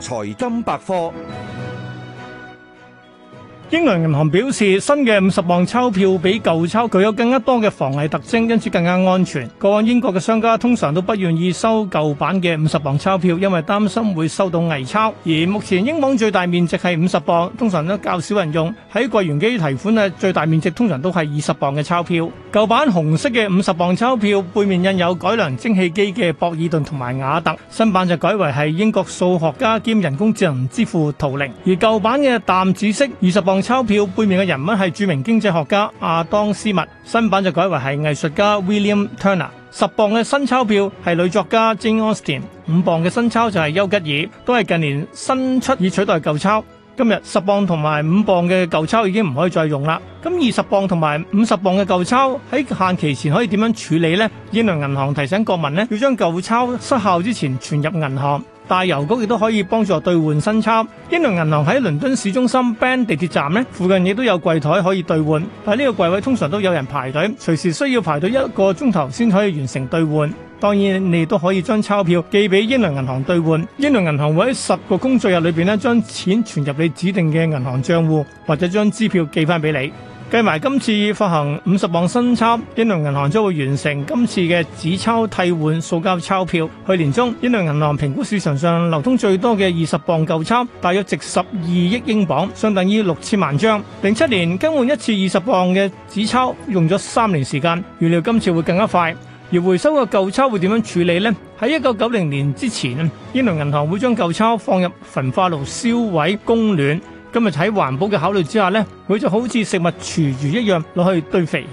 財金百科。英倫銀行表示，新嘅五十磅鈔票比舊鈔具有更加多嘅防偽特徵，因此更加安全。過往英國嘅商家通常都不願意收舊版嘅五十磅鈔票，因為擔心會收到偽鈔。而目前英鎊最大面值係五十磅，通常都較少人用。喺櫃員機提款咧，最大面值通常都係二十磅嘅鈔票。舊版紅色嘅五十磅鈔票背面印有改良蒸汽機嘅博爾頓同埋瓦特，新版就改為係英國數學家兼人工智能之父圖靈。而舊版嘅淡紫色二十磅鈔票背面嘅人物係著名經濟學家阿當斯密，新版就改為係藝術家 William Turner。十磅嘅新鈔票係女作家 Jane Austen，五磅嘅新鈔就係丘吉爾，都係近年新出以取代舊鈔。今日十磅同埋五磅嘅舊鈔已經唔可以再用啦。咁二十磅同埋五十磅嘅舊鈔喺限期前可以點樣處理呢？英倫銀行提醒國民呢，要將舊鈔失效之前存入銀行，大郵局亦都可以幫助兌換新鈔。英倫銀行喺倫敦市中心 Bank 地鐵站呢，附近亦都有櫃台可以兌換，但呢個櫃位通常都有人排隊，隨時需要排隊一個鐘頭先可以完成兌換。當然，你都可以將鈔票寄俾英倫銀行兌換。英倫銀行會喺十個工作日裏邊咧，將錢存入你指定嘅銀行帳戶，或者將支票寄翻俾你。計埋今次發行五十磅新鈔，英倫銀行將會完成今次嘅紙鈔替換塑膠鈔票。去年中，英倫銀行評估市場上流通最多嘅二十磅舊鈔，大約值十二億英鎊，相當於六千萬張07。零七年更換一次二十磅嘅紙鈔，用咗三年時間，預料今次會更加快。而回收嘅舊鈔會點樣處理呢？喺一九九零年之前咧，英倫銀行會將舊鈔放入焚化爐燒毀供暖。今日喺環保嘅考慮之下呢，佢就好似食物廚餘一樣，攞去堆肥。